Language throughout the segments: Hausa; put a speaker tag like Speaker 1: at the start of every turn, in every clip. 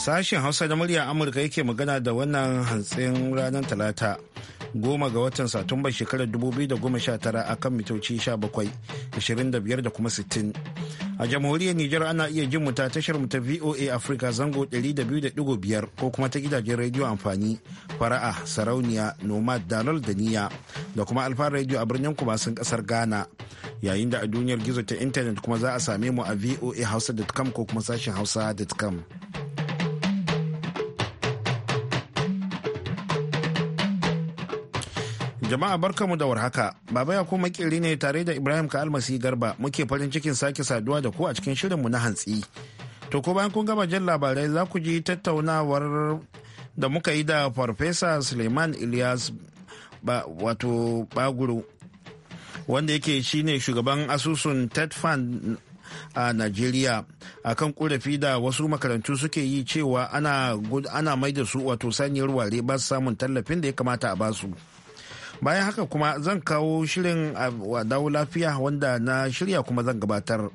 Speaker 1: Sashen Hausa da murya Amurka yake magana da wannan hantsin ranar Talata goma ga watan Satumba shekarar 2019 a kan mitoci 17, 25 da kuma 60. A jamhuriyar Nijar ana iya jin mu ta tashar mu ta VOA Africa zango 200.5 ko kuma ta gidajen rediyo amfani fara'a sarauniya nomad dalol da niya da kuma alfa rediyo a birnin kumasin kasar Ghana yayin da a duniyar gizo ta intanet kuma za a same mu a VOA hausa.com ko kuma sashen hausa.com. Jama'a barkamu da warhaka. Baba ya kuma makeri ne tare da Ibrahim ka almasi garba muke farin cikin sake saduwa da ku a cikin shirinmu na hantsi. To ko bayan kun gama jan labarai za ku ji tattaunawar da muka yi da Farfesa Suleiman Ilyas ba, wato baguru wanda yake ne shugaban asusun Ted Fund a Najeriya kan ƙorafi da wasu makarantu suke yi cewa ana, ana mai da su wato saniyar ware ba su samun tallafin da ya kamata a basu. bayan haka kuma zan kawo shirin a dawo lafiya wanda na shirya kuma zan gabatar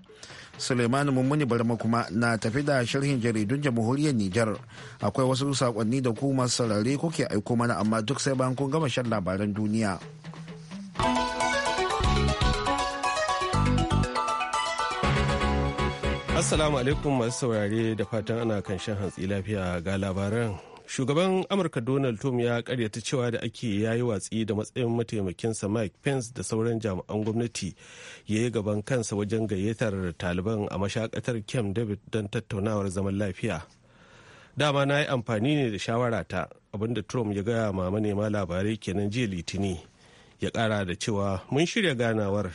Speaker 1: suleiman mummuni barma kuma na tafi da sharhin jaridun jamhuriyar nijar akwai wasu sakonni da kuma sarari sarare kuke aiko mana amma duk sai bayan kun gama shan labaran duniya assalamu alaikum masu
Speaker 2: saurare da fatan ana kan shan hantsi lafiya ga labaran shugaban amurka donald trump ya karyata cewa da ake yayi watsi da matsayin mataimakinsa mike pence da sauran jami'an gwamnati ya yi gaban kansa wajen gayyatar taliban a mashakatar camp david don tattaunawar zaman lafiya dama na yi amfani ne da shawara ta abinda trump ya gaya ma manema labarai kenan jiya litini ya kara da cewa mun shirya ganawar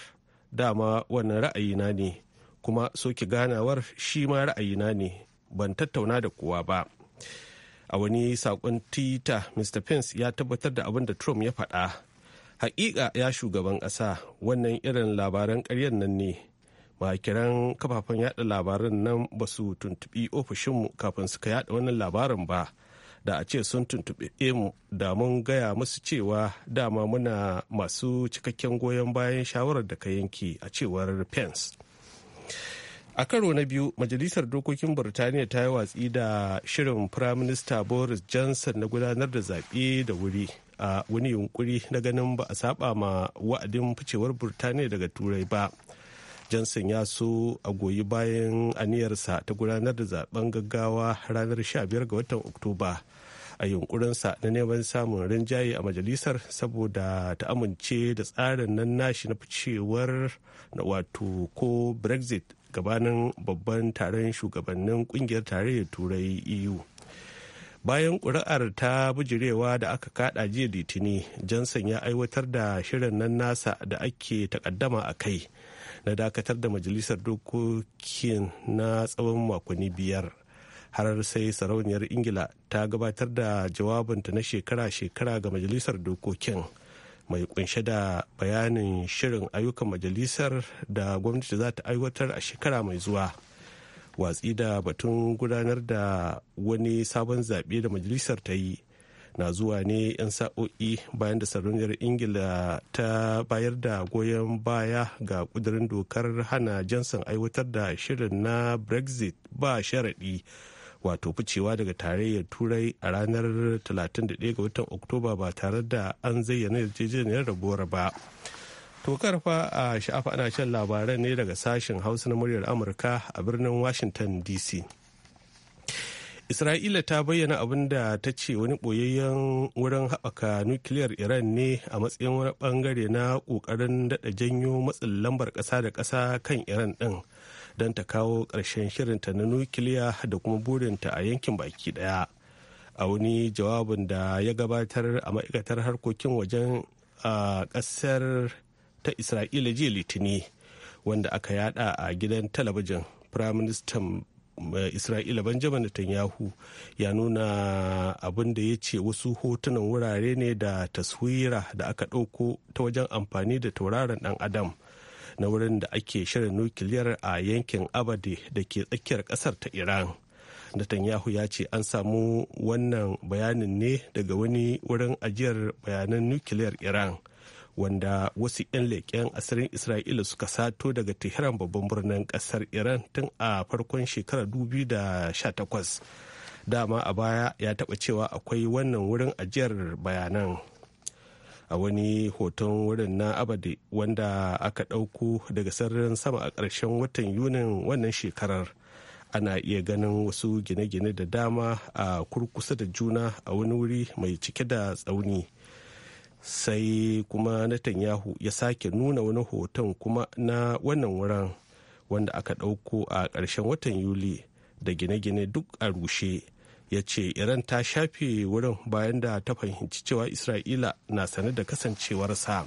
Speaker 2: dama wannan ra'ayina ne kuma soke ganawar shi ma ra'ayina ne ban tattauna da kowa ba a wani sakon twitter mr pence ya tabbatar da abin da trump ya faɗa hakika ya shugaban ƙasa wannan irin labaran karyar nan ne makiran kafafen yada labaran nan ba su tuntubi ofishinmu kafin suka yada wannan labarin ba da a ce sun tuntuɓi mu da mun gaya musu cewa dama muna masu cikakken goyon bayan shawarar da ka yanke a cewar pence a karo na biyu majalisar dokokin birtaniya ta yi watsi da shirin firaminista boris johnson na gudanar da zaɓe da wuri a wani yunkuri na ganin ba a saba ma wa'adin ficewar burtaniya daga turai ba johnson ya so a goyi bayan aniyarsa ta gudanar da zaben gaggawa ranar 15 ga watan oktoba a yunkurinsa na neman samun rinjaye a majalisar saboda ta amince da tsarin nan nashi na ficewar na wato ko brexit gabanin babban taron shugabannin kungiyar tarayyar turai eu bayan kuri'ar ta bijirewa da aka kada jiya litini johnson ya aiwatar da shirin nan nasa da ake takaddama a kai na dakatar da majalisar dokokin na tsawon makonni biyar har sai sarauniyar ingila ta gabatar da jawabinta na shekara-shekara ga majalisar dokokin mai kunshe da bayanin shirin ayyukan majalisar da gwamnati za ta aiwatar a shekara mai zuwa watsi da batun gudanar da wani sabon zaɓe da majalisar ta yi na zuwa ne 'yan sa'o'i bayan da sarauniyar ingila ta bayar da goyon baya ga kudurin dokar hana jansan aiwatar da shirin na brexit ba sharaɗi wato ficewa daga tarayyar turai a ranar 31 ga watan oktoba ba tare da an zayyana yarjejeniyar rabuwar ba to karfa a sha'afa ana shan labaran ne daga sashen hausa na muryar amurka a birnin washington dc isra'ila ta bayyana abin da ta ce wani ɓoyayyen wurin haɓaka nukiliyar iran ne a matsayin wani ɓangare na ƙoƙarin daɗa janyo matsin lambar ƙasa da ƙasa kan iran ɗin don ta kawo ƙarshen shirinta na nukiliya da kuma burinta a yankin baki ɗaya a wani jawabin da ya gabatar a ma'aikatar harkokin wajen a ƙasar ta isra'ila jiya litini wanda aka yada a gidan talabijin prime firaministan eh, isra'ila benjamin netanyahu ya nuna abin da ya ce wasu hotunan wurare ne da taswira da aka ɗauko ta wajen amfani da tauraron dan adam na wurin da ake shirin nukiliyar a yankin abadi da ke tsakiyar kasar ta iran netanyahu ya ce an samu wannan bayanin ne daga wani wurin ajiyar bayanan nukiliyar iran wanda wasu 'yan leƙen asirin isra'ila suka sato daga tehran babban birnin kasar iran tun a farkon shekarar 2018 dama a baya ya taɓa cewa akwai wannan wurin ajiyar bayanan a wani hoton wurin na abadi wanda aka ɗauko daga sararin sama a ƙarshen watan yunin wannan shekarar ana iya ganin wasu gine-gine da dama a kurkusa da juna a wani wuri mai cike da tsauni sai kuma Netanyahu ya sake nuna wani hoton kuma na wannan wurin wanda aka ɗauko a ƙarshen watan yuli da gine-gine duk a rushe ya ce iran ta shafe wurin bayan da ta fahimci cewa isra'ila na sane da kasancewarsa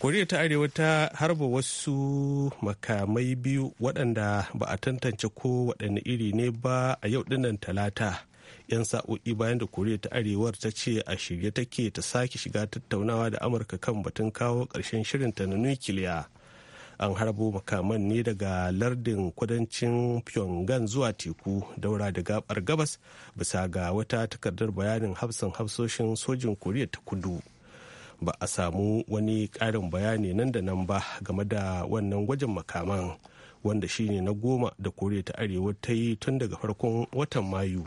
Speaker 2: koriya ta arewa ta harba wasu makamai biyu waɗanda ba a tantance ko waɗanne iri ne ba a yau dinnan talata yan sa'o'i bayan da koriya ta arewar ta ce a shirye take ta sake shiga tattaunawa da amurka kan batun kawo ƙarshen shirinta na nukiliya an harbo makaman ne daga lardin kudancin pyongyang zuwa teku daura da gabar gabas bisa ga wata takardar bayanin hafsan hafsoshin sojin koriya ta kudu ba a samu wani karin bayani nan da nan ba game da wannan gwajin makaman wanda shine na goma da koriya ta arewa ta yi tun daga farkon watan mayu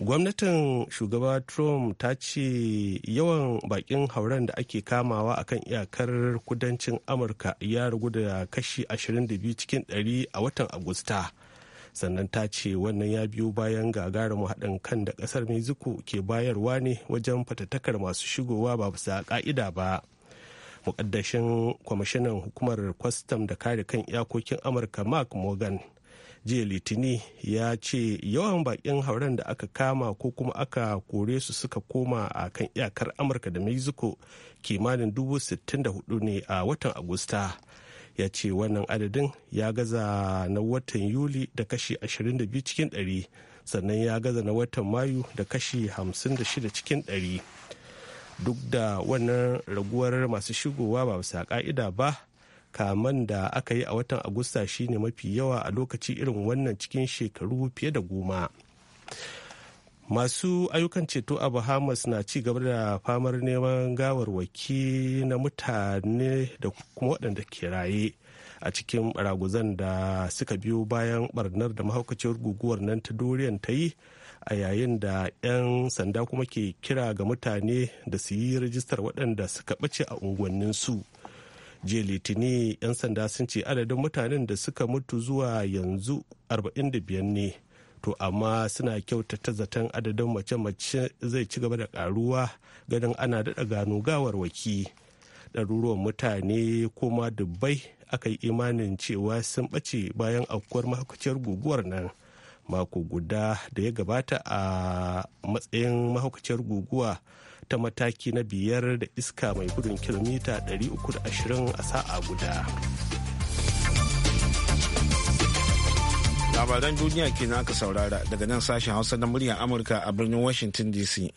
Speaker 2: gwamnatin shugaba trump ta ce yawan bakin hauren da ake kamawa a kan iyakar kudancin amurka ya ragu da kashi 22 cikin 100 a watan agusta sannan ta ce wannan ya biyo bayan gagarumin haɗin kan da ƙasar mexico ke bayarwa ne wajen fatattakar masu shigowa ba bisa ƙa'ida ba muƙaddashin kwamishinan hukumar kwastam da kare kan iyakokin amurka mark morgan jiya litini ya ce yawan bakin hauren da aka kama ko kuma aka kore su suka koma a kan iyakar amurka da mexico kimanin dubu ne a watan agusta ya ce wannan adadin ya gaza na watan yuli da kashi 22 cikin 100 sannan ya gaza na watan mayu da kashi 56 cikin 100 duk da wannan raguwar masu shigowa ba bisa ka'ida ba kaman da aka yi a watan agusta shine mafi yawa a lokaci irin wannan cikin shekaru fiye da goma masu ayyukan ceto a bahamas na ci gaba da famar neman gawarwaki na mutane da kuma waɗanda ke raye a cikin raguzan da suka biyo bayan barnar da mahaukaciyar guguwar nan ta doriyan ta yi a yayin da 'yan sanda kuma ke kira ga mutane da su yi rajistar waɗanda suka ɓace a unguwanninsu jiya litini 'yan sanda sun ce adadin mutanen da suka mutu zuwa yanzu 45 ne to amma suna kyautata zaton adadin mace-mace zai ci gaba da karuwa ganin ana daɗa gano gawarwaki ɗaruruwan mutane kuma dubbai aka yi imanin cewa sun ɓace bayan aukuwar mahaukaciyar guguwar nan mako guda da ya gabata a matsayin mahaukaciyar guguwa ta mataki na biyar da iska mai gudun kilomita
Speaker 1: 320 a sa'a guda. Labaran duniya ke aka saurara daga nan sashen Hausa na muryar Amurka a birnin Washington DC.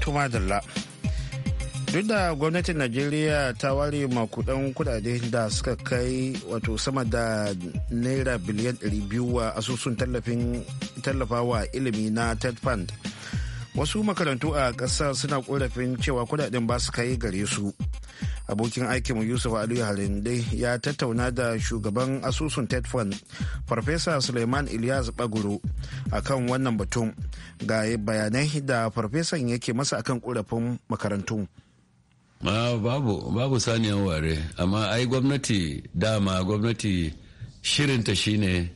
Speaker 1: Tuma Dalla. duk da gwamnatin najeriya ta ware makudan kudade da suka kai wato sama da naira biliyan 200 wa asusun tallafawa ilimi na ted fund wasu makarantu a ƙasa suna korafin cewa kudaden ba su kai gare su abokin aikinmu yusuf aliyu halinde ya tattauna da shugaban asusun ted fund farfesa suleiman ilyas baguro a kan wannan batun ga bayanai da farfesan yake masa akan korafin makarantu.
Speaker 3: Ah, babu babu saniyan ware amma ai gwamnati dama gwamnati shirinta shine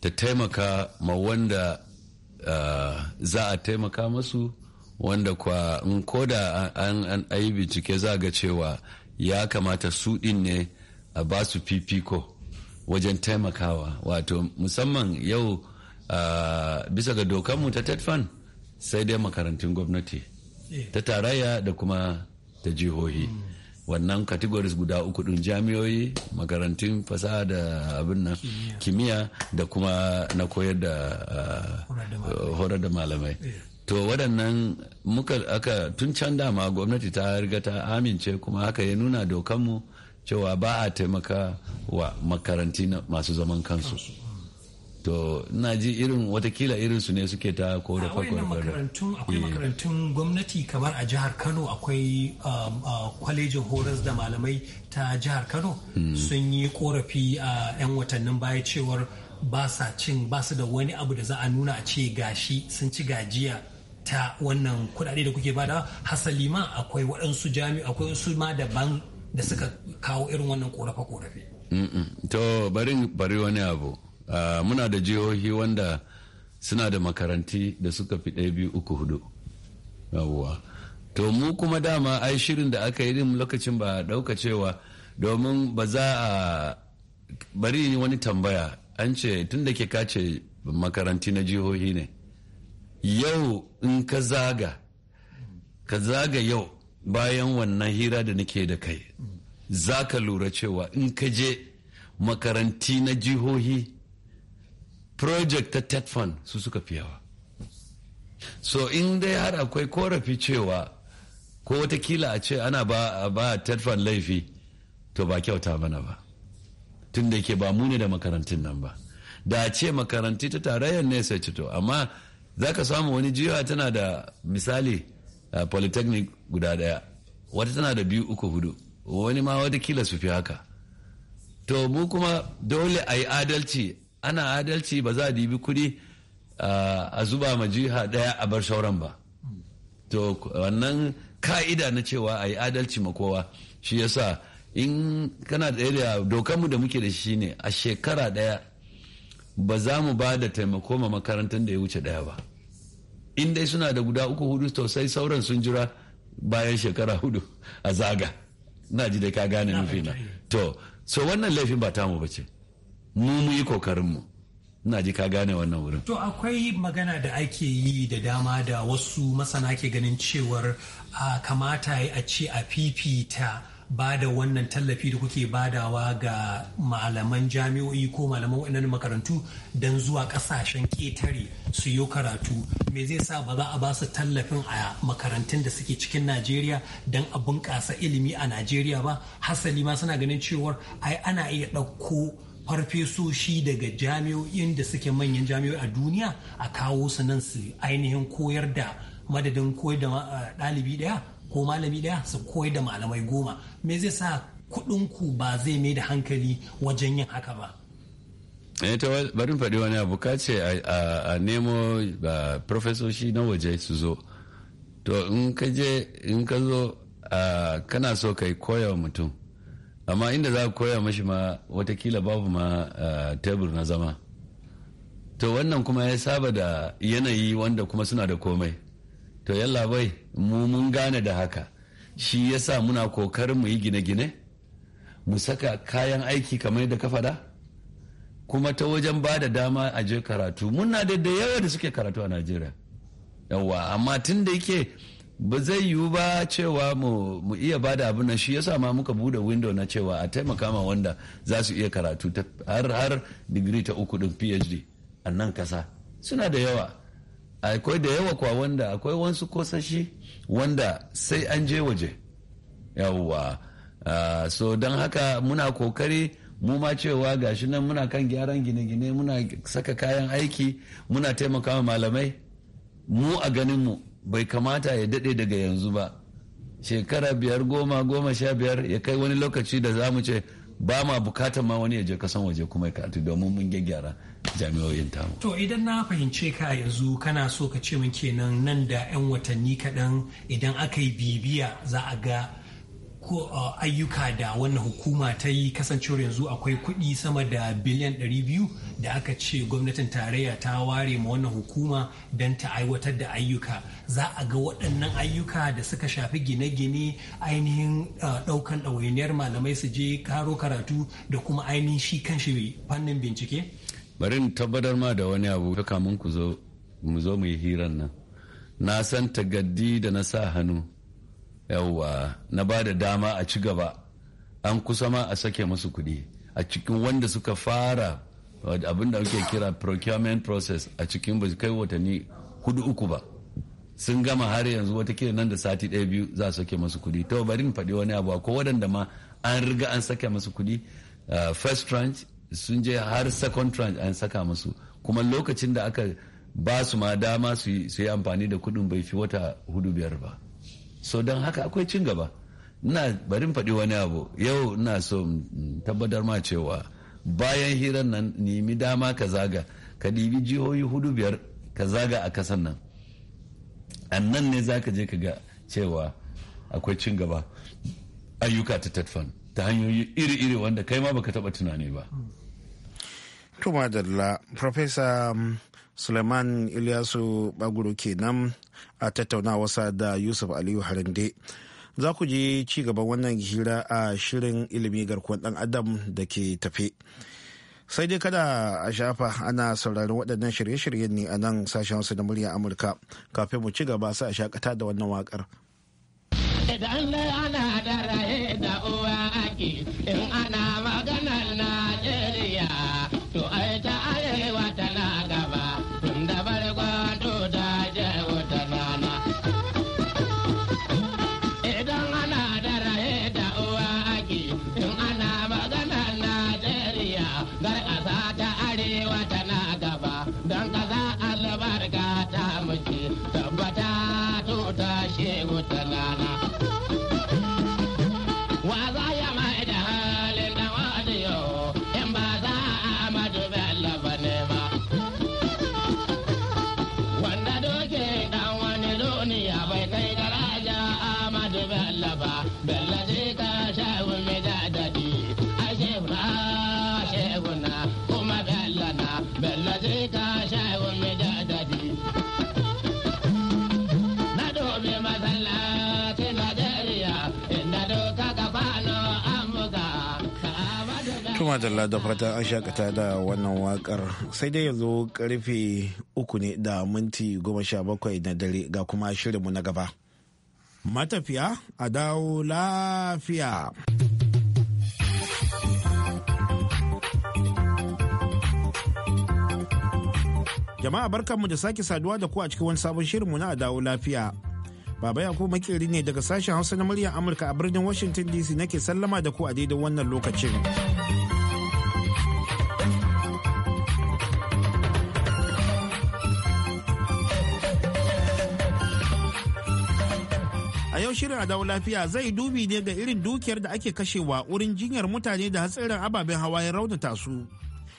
Speaker 3: ta taimaka ma wanda uh, za a taimaka masu wanda kwa koda an, an, bincike za ga cewa ya kamata su din ne a ba su fifiko wajen taimakawa wato musamman yau uh, bisa ga dokanmu ta tetfan sai dai makarantun gwamnati eh. ta tarayya da kuma da jihohi wannan categories guda uku din jami'oyi makarantun fasaha da abin nan kimiyya da kuma na koyar da horar da ah, malamai eh. to waɗannan muka aka tun can dama gwamnati ta riga ta amince kuma haka ya nuna dokanmu cewa ba a taimaka wa makaranti masu zaman kansu to ina ji irin watakila irin su ne suke ta ko da makarantun
Speaker 4: akwai eh. makarantun gwamnati kamar a jihar kano akwai um, uh, kwalejin horas da malamai ta jihar kano hmm. sun yi korafi a 'yan watannin baya cewar ba sa cin ba su da wani abu da za a nuna a ce gashi sun ci gajiya ta wannan kudade da kuke bada hasali ma akwai waɗansu jami akwai su ma daban da suka kawo irin wannan korafe-korafe.
Speaker 3: to bari wani abu Ah, muna da jihohi wanda suna da makaranti da suka fi ɗaya biyu uku hudu yawwa to mu kuma dama ai shirin da aka yi din lokacin ba ɗauka cewa domin ba za a bari wani tambaya an ce tun da ke kace makaranti na jihohi ne yau in ka zaga ka zaga yau bayan wannan hira da nake da kai za ka lura cewa in ka je makaranti na jihohi project ta tetfan fund su suka fi yawa so in dai har akwai korafi cewa ko watakila a ce ana ba ba tet laifi to ba kyauta mana ba tun da ke ba mu ne da makarantun nan ba da a ce makaranti ta tarayyar ne sai to amma za ka samu wani jiwa tana da misali a polytechnic guda daya wata tana da biyu uku hudu wani ma watakila su fi haka to mu kuma dole a yi adalci ana adalci ba za a dibi kuɗi a zuba ma jiha ɗaya a bar sauran ba to wannan ka'ida na cewa a yi adalci ma kowa shi yasa in kana da area dokanmu da muke da shi ne a shekara ɗaya ba za mu ba da taimako ma makarantar da ya wuce ɗaya ba in dai suna da guda uku hudu to sai sauran sun jira bayan shekara hudu a zaga na ji da ka gane nufina to so wannan laifin ba tamu ba ce mu mu yi kokarinmu ina ji ka gane wannan wurin
Speaker 4: to akwai magana da ake yi da dama da wasu masana ke ganin cewar a kamata a ce a fifita ba da wannan tallafi da kuke badawa ga malaman jami'o'i ko malaman waɗannan makarantu don zuwa ƙasashen ƙetare su yi karatu me zai sa ba za a ba su tallafin a makarantun da suke cikin najeriya don a bunƙasa ilimi a najeriya ba hasali ma suna ganin cewar ai ana iya ɗauko farfesoshi daga jami'o'in da suke manyan jami'o'i a duniya a kawo su nan su ainihin koyar da madadin koyar da ɗalibi ɗaya ko malami ɗaya su koyar da malamai goma me zai sa ku ba zai mai da hankali wajen yin haka ba
Speaker 3: eh, ta bari faɗi wani abu ka ce a nemo farfesoshi na waje su zo to in ka je in ka zo kana so kai koya mutum amma inda za ka koya mashi ma watakila babu ma eh, tebur na zama to wannan kuma ya saba da yanayi wanda kuma suna da komai to yalla bai mu mun gane da haka shi ya sa muna kokarin mu yi gine-gine mu saka kayan aiki kamar yadda ka faɗa kuma ta wajen ba da dama a je karatu muna da yawa da suke karatu a najeriya yawa amma tun da yake ba zai yiwu ba cewa mu iya bada abin na shi yasa ma muka bude window na cewa a taimaka ma wanda za su iya karatu har har digiri ta uku din phd a nan kasa suna da yawa akwai da yawa kwa wanda akwai wasu kosashi wanda sai an je waje yawwa ah, so don haka muna kokari mu ma cewa gashi nan muna kan gyaran gine-gine muna saka kayan aiki muna taimakawa malamai mu a ganinmu bai kamata ya daɗe daga yanzu ba shekara biyar goma goma sha biyar ya kai wani lokaci da za mu ce ba ma bukatan ma wani ya je kasan waje kuma ya karatu domin mun gyaggyara jami'o'in tamu.
Speaker 4: To idan na fahimce ka yanzu kana so ka ce min kenan nan da 'yan watanni kaɗan idan aka yi bibiya za a ga Uh, ayyuka da wannan hukuma ta yi kasancewar yanzu akwai kuɗi sama da biliyan 200 da aka ce gwamnatin tarayya ta ware ma wannan hukuma don ta aiwatar da ayyuka za a ga waɗannan ayyuka da suka shafi gine-gine ainihin uh, ɗaukan ɗawainiyar malamai su je karo karatu da kuma ainihin shi kanshi fannin bincike
Speaker 3: bari tabbatar ma da wani abu kamun ku zo mu zo mu yi hirar nan na san tagaddi da na sa hannu yawwa na ba da dama a ci gaba an kusa ma a sake musu kuɗi a cikin wanda suka fara abin da ake kira procurement process a cikin ba kai watanni hudu uku ba sun gama har yanzu wata ke nan da sati ɗaya biyu za a sake masu kuɗi to bari in faɗi wani abu ko waɗanda ma an riga an sake masu kuɗi uh, first tranche sun je har second tranche an saka masu kuma lokacin da aka ba su ma dama su yi amfani da kuɗin bai fi wata hudu biyar ba so don haka akwai cin gaba na barin faɗi wani abu yau ina so tabbatar ma cewa bayan hiran nan nemi dama ka zaga ka ɗibi jihohi hudu biyar ka zaga a kasan nan annan ne za ka je ka ga cewa akwai cin gaba ayyuka ta tatfan ta hanyoyi iri-iri wanda kai ma baka taɓa tunani ba.
Speaker 1: Tuma Professor um, suleiman iliyasu baguro kenan a tattaunawarsa da yusuf aliyu harinde za ku ji ci gaban wannan hira a shirin ilimi garkuwar dan adam da ke tafe sai dai kada a shafa ana sauraron waɗannan shirye-shiryen ne a nan sashen wasu na murya amurka kafin mu ci gaba sa a shakata da wannan wakar.
Speaker 5: idan ana da raye da uwa in ana ma kuma
Speaker 1: da da fata an shakata da wannan wakar sai dai yanzu karfe uku ne da minti goma sha bakwai na dare ga kuma shirinmu na gaba. Matafiya a dawo lafiya. Jama'a barkanmu da sake saduwa da ku a cikin wani sabon shirinmu na a dawo lafiya. Baba Yakubu makeri ne daga sashen Hausa na muryar Amurka a birnin Washington DC nake sallama da ku a daidai wannan lokacin. shirin adawo lafiya zai dubi ne ga irin dukiyar da ake kashewa wurin jinyar mutane da hatsarin ababen hawa ya raunata su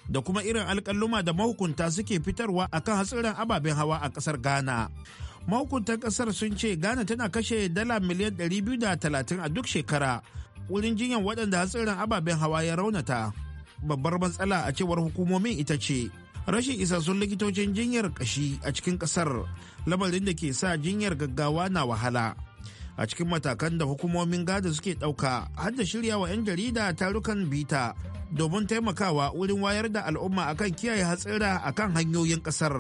Speaker 1: da kuma irin alkaluma da mahukunta suke fitarwa akan hatsarin ababen hawa a ƙasar ghana Mahukuntar ƙasar sun ce ghana tana kashe dala miliyan 230 a duk shekara wurin jinyar waɗanda hatsarin ababen hawa ya raunata babbar matsala a cewar hukumomin ita ce rashin isassun likitocin jinyar kashi a cikin ƙasar, lamarin da ke sa jinyar gaggawa na wahala a cikin matakan da hukumomin gada suke ɗauka har da shirya wa 'yan jarida tarukan bita domin taimakawa wurin wayar da al'umma akan kiyaye hatsira akan hanyoyin ƙasar.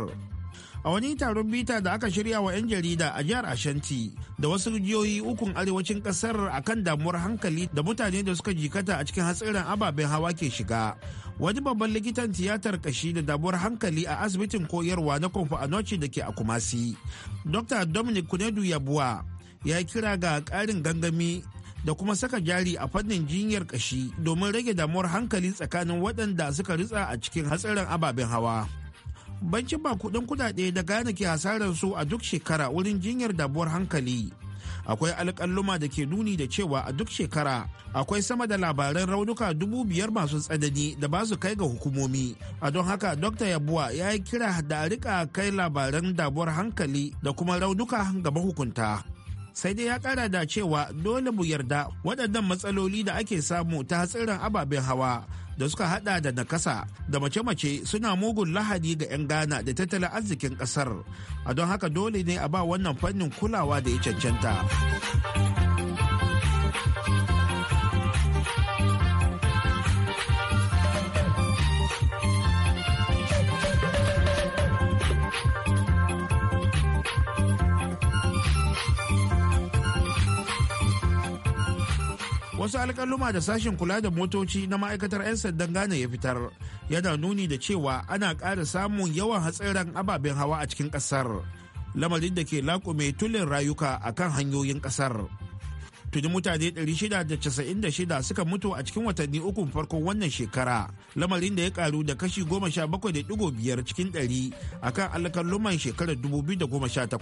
Speaker 1: a wani taron bita da aka shirya wa 'yan jarida a jihar ashanti da wasu rijiyoyi ukun arewacin kasar akan damuwar hankali da mutane da suka jikata a cikin hatsirin ababen hawa ke shiga wani babban likitan tiyatar kashi da damuwar hankali a asibitin koyarwa na kwamfa a da ke a kumasi, dr dominic kunedu yabuwa ya kira ga ƙarin gangami da kuma saka jari a fannin jinyar kashi domin rage damuwar hankali tsakanin waɗanda suka ritsa a cikin hatsarin ababen hawa. Bankin ba kuɗin kuɗaɗe da gane ke hasarar su a duk shekara wurin jinyar damuwar hankali. Akwai alƙalluma da ke nuni da cewa a duk shekara akwai sama da labaran raunuka dubu biyar masu tsanani da ba su kai ga hukumomi. A don haka Dr. Yabuwa ya yi kira da a rika kai labaran damuwar hankali da kuma raunuka ga mahukunta. sai dai ya kara da cewa dole mu yarda waɗannan matsaloli da ake samu ta hatsirin ababen hawa da suka hada da nakasa da mace-mace suna mugun lahadi ga 'yan ghana da tattalin arzikin kasar a don haka dole ne a ba wannan fannin kulawa da ya cancanta. wasu alƙaluma da sashen kula da motoci na ma'aikatar 'yan sandan ghana ya fitar yana nuni da cewa ana ƙara samun yawan hatsarin ababen hawa a cikin ƙasar lamarin da ke laƙume tulin rayuka a kan hanyoyin ƙasar tuni mutane 696 suka mutu a cikin watanni uku farkon wannan shekara lamarin da ya karu da kashi 17.5 cikin 100 akan alƙaluman shekarar 2018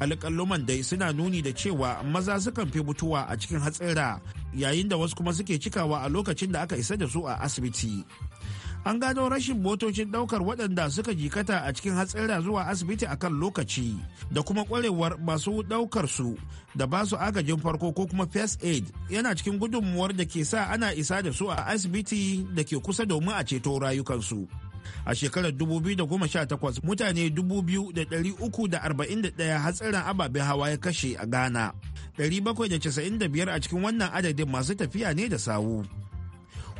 Speaker 1: alƙalluman dai suna nuni da cewa maza sukan fi mutuwa a cikin hatsira yayin da wasu kuma suke cikawa a lokacin da aka isa da su a asibiti an gano rashin motocin daukar waɗanda suka jikata a cikin hatsira zuwa asibiti a kan lokaci da kuma kwarewar masu daukar su da ba su agajin farko ko kuma first aid yana cikin gudunmuwar da ke sa ana isa da su a asibiti da ke kusa domin a ceto rayukansu. a shekarar 2018 mutane 2,341 hatsarin ababen hawa ya kashe a ghana 795 a cikin wannan adadin masu tafiya ne da sawu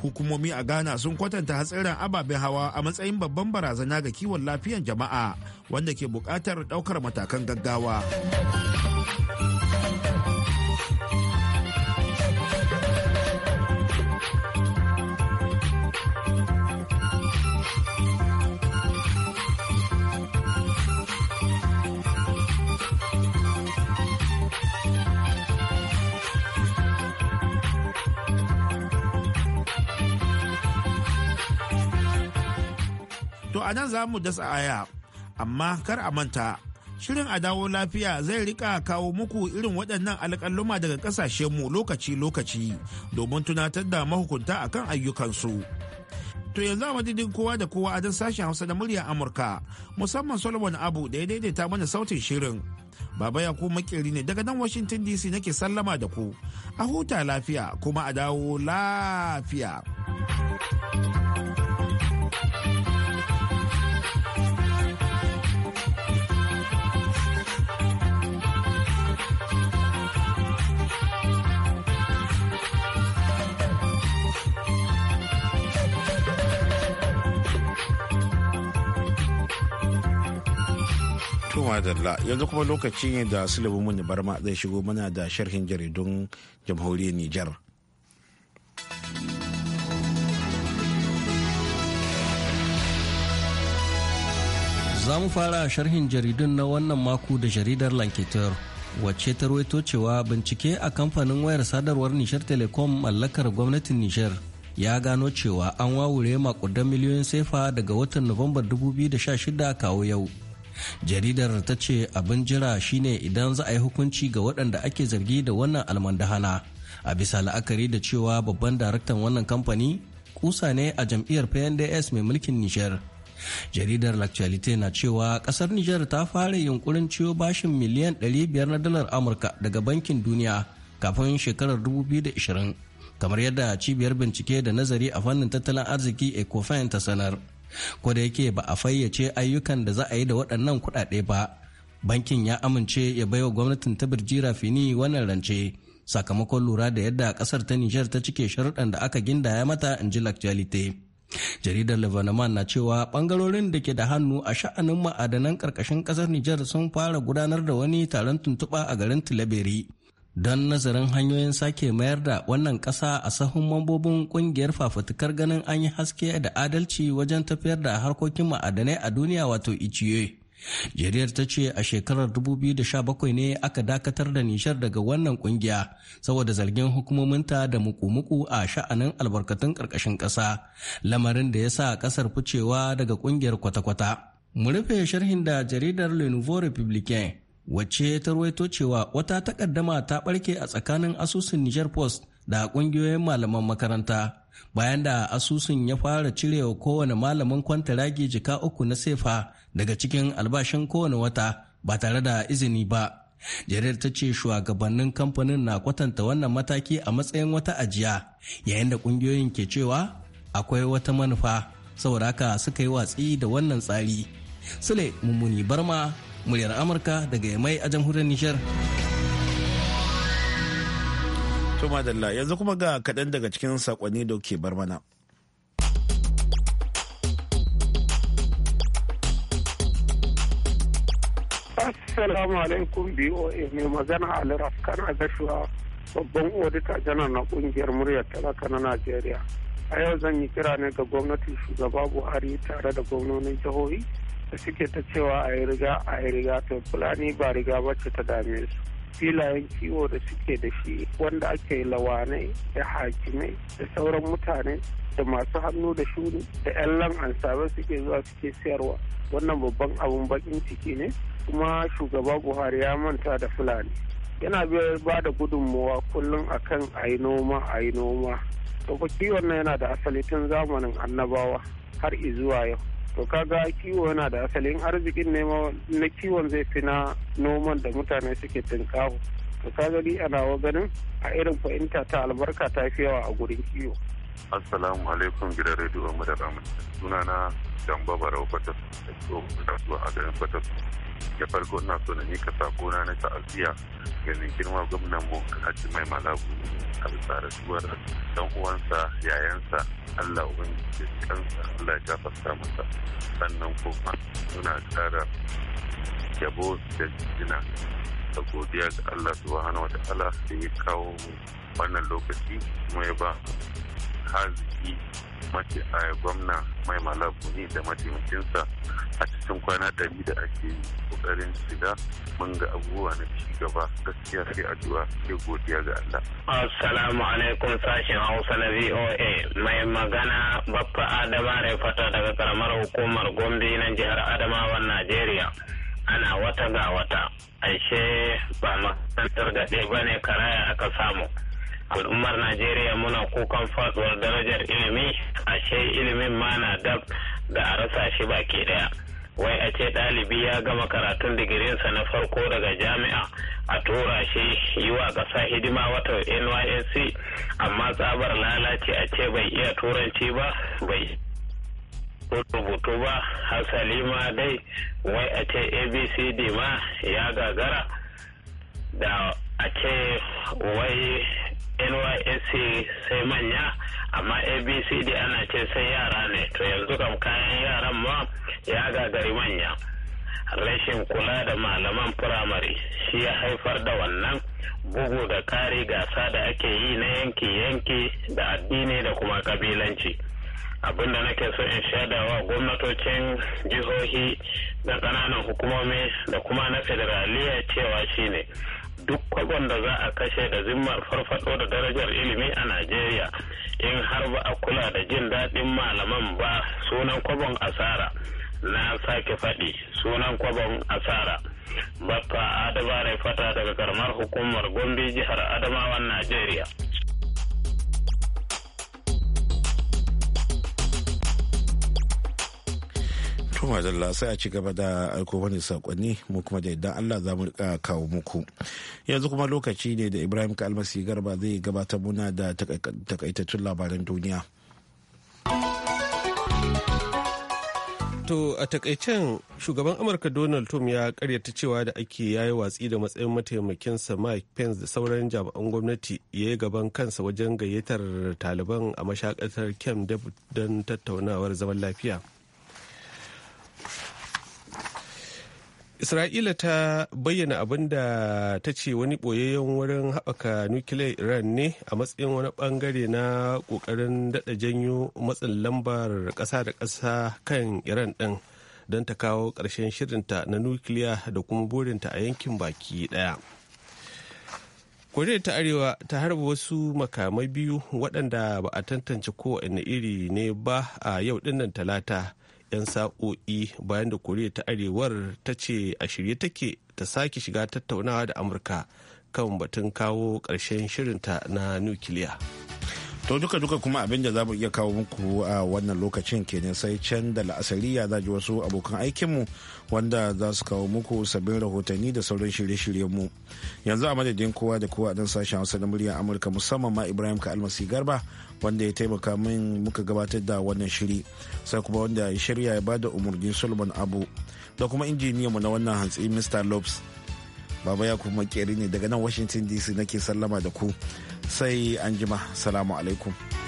Speaker 1: hukumomi a ghana sun kwatanta hatsarin ababen hawa a matsayin babban barazana ga kiwon lafiyan jama'a wanda ke buƙatar ɗaukar matakan gaggawa nan za mu dasa aya amma kar a manta shirin a dawo lafiya zai rika kawo muku irin waɗannan alƙaluma daga ƙasashen mu lokaci-lokaci domin tunatar da mahukunta a kan ayyukansu. To yanzu a madadin kowa da kowa a don sashen Hausa da muryar Amurka musamman Solomon Abu da ya daidaita mana sautin shirin. Baba ya ku makeri ne daga nan Washington DC nake sallama da ku. A huta lafiya kuma a dawo lafiya. madalla yanzu kuma lokaci ne da sulaiman muni barma zai shigo mana da sharhin jaridun jamhuriyar Nijar.
Speaker 6: Za mu fara sharhin jaridun na wannan mako da jaridar Lanketer. wacce ta ruwaito cewa bincike a kamfanin wayar sadarwar nishar telecom mallakar gwamnatin nishar ya gano cewa an wawure makudan miliyoyin sefa daga watan nuwambar 2016 kawo yau jaridar ta ce abin jira shine idan za a yi hukunci ga waɗanda ake zargi da wannan almandahana a bisa la'akari da cewa babban daraktan wannan kamfani kusa ne a jam'iyyar pnds mai mulkin nijar jaridar l'actualité na cewa ƙasar nijar ta fara yunkurin ciwo bashin miliyan 500 na dalar amurka daga bankin duniya kafin shekarar 2020 kamar yadda cibiyar bincike da nazari a fannin tattalin arziki ecofin ta sanar Ko da yake ba a fayyace ayyukan da za a yi da waɗannan kuɗaɗe ba, bankin ya amince ya baiwa gwamnatin ta Birjira Fini wannan rance. sakamakon lura da yadda ƙasar ta Nijar ta cike sharuɗan da aka gindaya mata in ji lakjalite. Jaridar Lebanon na cewa ɓangarorin da ke da hannu a sha'anin ma'adanan ƙarƙashin ƙasar Nijar sun fara gudanar da wani taron tuntuɓa a garin tileberi don nazarin hanyoyin sake mayar da wannan ƙasa a sahun mambobin ƙungiyar fafutukar ganin an yi haske da adalci wajen tafiyar da harkokin ma'adanai a duniya wato iciye. jariyar ta ce a shekarar 2017 ne aka dakatar da nishar daga wannan kungiya saboda zargin hukumominta da muku-muku a sha'anin albarkatun ƙarƙashin ƙasa lamarin da ya sa ƙasar ficewa daga kungiyar kwata-kwata mu rufe sharhin da jaridar le nouveau republicain wacce ta ruwaito cewa wata takaddama ta barke a tsakanin asusun Niger Post da kungiyoyin malaman makaranta bayan da asusun ya fara cirewa kowane malamin kwantaragi jika uku na sefa daga cikin albashin kowane wata ba tare da izini ba. jaridar ta ce shugabannin kamfanin na kwatanta wannan mataki a matsayin wata ajiya yayin da kungiyoyin ke cewa akwai wata manufa saboda haka suka yi watsi da wannan tsari sule mummuni barma muryar amurka daga yamai a jamhuriyar nishar
Speaker 1: to madalla yanzu kuma ga kaɗan daga cikin sakonni da ke bar mana
Speaker 2: Assalamu alaikum BOA mai magana Ali kan Agashuwa babban odita janar na kungiyar muryar talaka na Najeriya.
Speaker 1: A yau zan yi kira ne ga gwamnatin shugaba Buhari tare da gwamnonin jihohi da suke ta cewa a yi riga a yi riga to fulani ba riga ba ta dame su filayen
Speaker 2: kiwo da suke da shi wanda ake lawanai da hakimai da sauran mutane da masu hannu da shuni da 'yan sabon suke zuwa suke siyarwa wannan babban abun bakin ciki ne kuma shugaba buhari ya manta da fulani yana ba da gudunmuwa kullum akan a yi noma a yi noma to kiwon nan yana da asali tun zamanin annabawa har izuwa yau to kaga kiwo yana da asalin arzikin ne na kiwon zai fi na noman da mutane suke tunkawo to kaga ni ana wa ganin a irin fahimta ta albarka ta fi yawa a gurin kiwo
Speaker 3: Assalamu alaikum gidan mu da Ramin. Suna na Jamba Barau da zuwa a garin Fata Da farko na so na ka sako na na ta'aziyya ga girma gwamnan mu Hajji Mai Malabu a bisa rasuwar dan uwansa yayansa Allah ubangiji kansa Allah ya gafarta masa. Sannan kuma suna kara yabo da jina da godiya ga Allah subhanahu wa ta'ala da ya kawo wannan lokaci kuma ya ba arziki gwamna mai malabuni da mataimakinsa a cikin kwana ɗari da ake yi ƙoƙarin shiga mun ga abubuwa na ci gaba gaskiya sai addu'a ke godiya ga Allah.
Speaker 4: Assalamu alaikum sashen Hausa na VOA
Speaker 7: mai magana Baffa Adama fata daga karamar hukumar Gombe na jihar Adamawa Najeriya. Ana wata ga wata, aishe ba makarantar gaɗe ba ne karaya aka samu. al'ummar najeriya muna kukan faduwar darajar ilimi ashe ilimin ma na dab da a rasa shi baki daya wai a ce ɗalibi ya gama karatun digirinsa na farko daga jami'a a tura shi yi wa ƙasa hidima wata nysc amma tsabar lalace a ce bai iya turanci ba bai rubutu ba hasali ma dai wai a ce abcd ma ya gagara da a ce wai nysc sai manya amma abcd ana ce sai yara ne to yanzu kam kayan yaran ma ya gagari manya rashin kula da malaman firamare shi ya haifar da wannan bugu da kari gasa da ake yi na yanki-yanki da addini da kuma kabilanci abinda nake so in shaidawa gwamnatocin jihohi da ƙananan hukumomi da kuma na federaliya cewa shine duk kwabon da za a kashe da zimmar farfado da darajar ilimi a najeriya in har ba a kula da jin daɗin malaman ba sunan kwabon asara na sake faɗi sunan kwabon asara bafa adabarai fata daga karamar hukumar gombe jihar adamawan najeriya
Speaker 1: kuma madalla sai a ci gaba da aiko wani sakonni mu kuma da idan Allah za mu kawo muku yanzu kuma lokaci ne da Ibrahim Kalmasi Garba zai gabatar muna da takaitattun labaran duniya
Speaker 2: To a takaicen shugaban Amurka Donald Trump ya karyata cewa da ake yayi watsi da matsayin mataimakinsa Mike Pence da sauran jami'an gwamnati ya yi gaban kansa wajen gayyatar taliban a mashakatar Camp David don tattaunawar zaman lafiya. Isra'ila ta bayyana abin da ta ce wani ɓoyayyen wurin haɓaka nukiliyar Iran ne a matsayin wani ɓangare na ƙoƙarin daɗa janyo matsin lambar ƙasa da ƙasa kan Iran ɗin don ta kawo ƙarshen shirinta na nukiliya da kuma burinta a yankin baki ɗaya. koriya ta arewa ta harba wasu makamai biyu waɗanda ba a tantance kowane iri ne ba a yau dinnan talata 'yan sa'o'i bayan da koriya ta arewar ta ce a shirye take ta sake shiga tattaunawa da amurka kan batun kawo ƙarshen shirinta na nukiliya. to duka duka kuma abin da za mu iya
Speaker 1: kawo muku a wannan lokacin kenan sai can da la'asariya za ji wasu abokan aikinmu wanda za su kawo muku sabbin rahotanni da sauran shirye shiryen mu yanzu a madadin kowa da kowa dan sashen hausa na muryar amurka musamman ma ibrahim ka almasi garba wanda ya taimaka min muka gabatar da wannan shiri sai kuma wanda ya shirya ya bada umarni solomon abu da kuma mu na wannan hantsi mr lopes baba ya kuma makeri ne daga nan washington dc nake sallama da ku sai anjima salamu alaikum